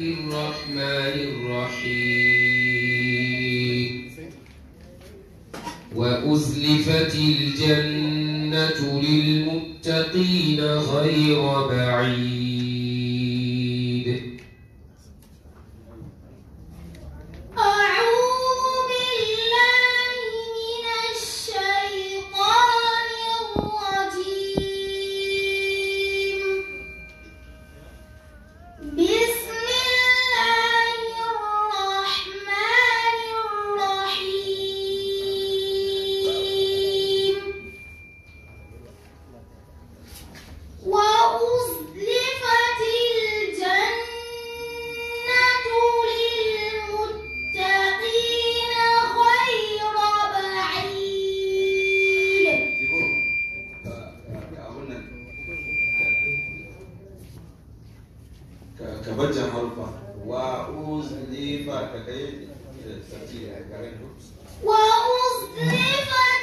الرحمن الرحيم وأزلفت الجنة للمتقين غير بعيد What was the sở chỉ là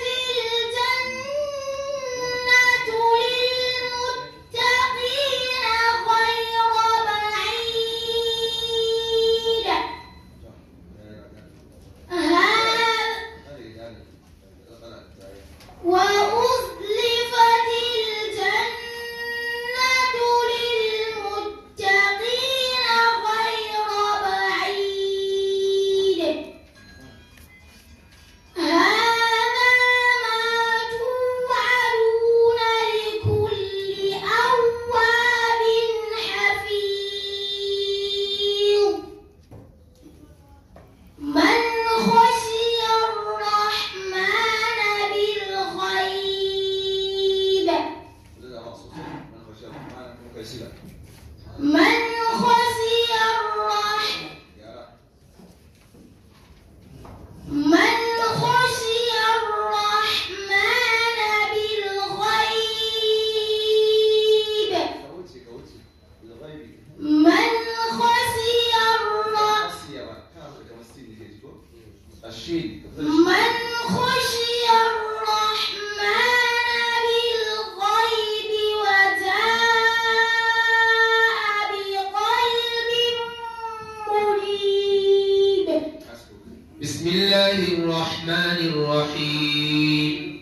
الرحيم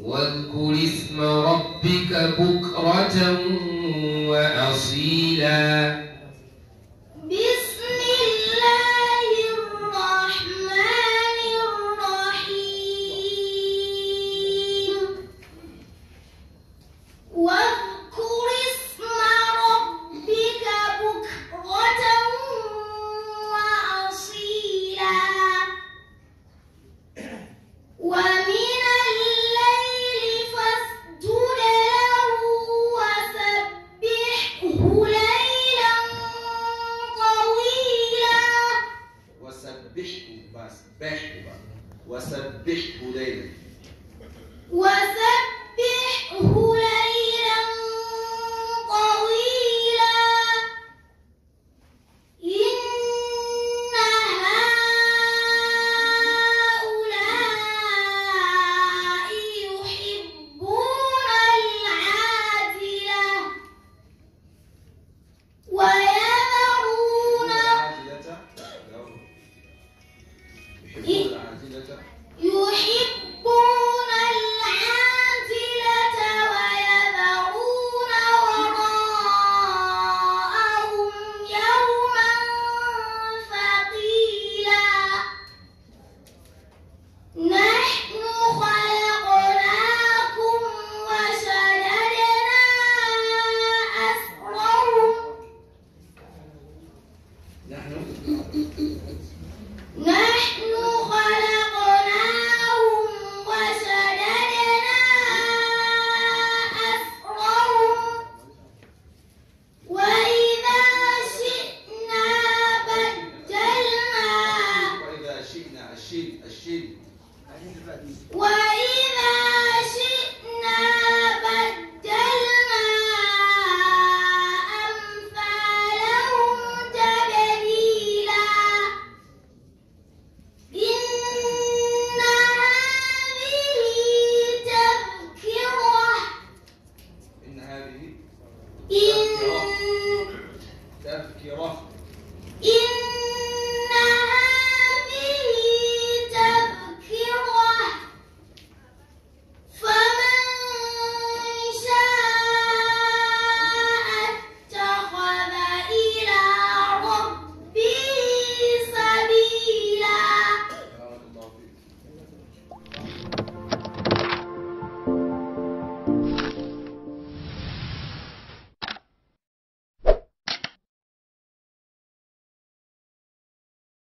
واذكر اسم ربك بكرة وسبحته بس باشته بقى وسبحته دايما وسبحته You hear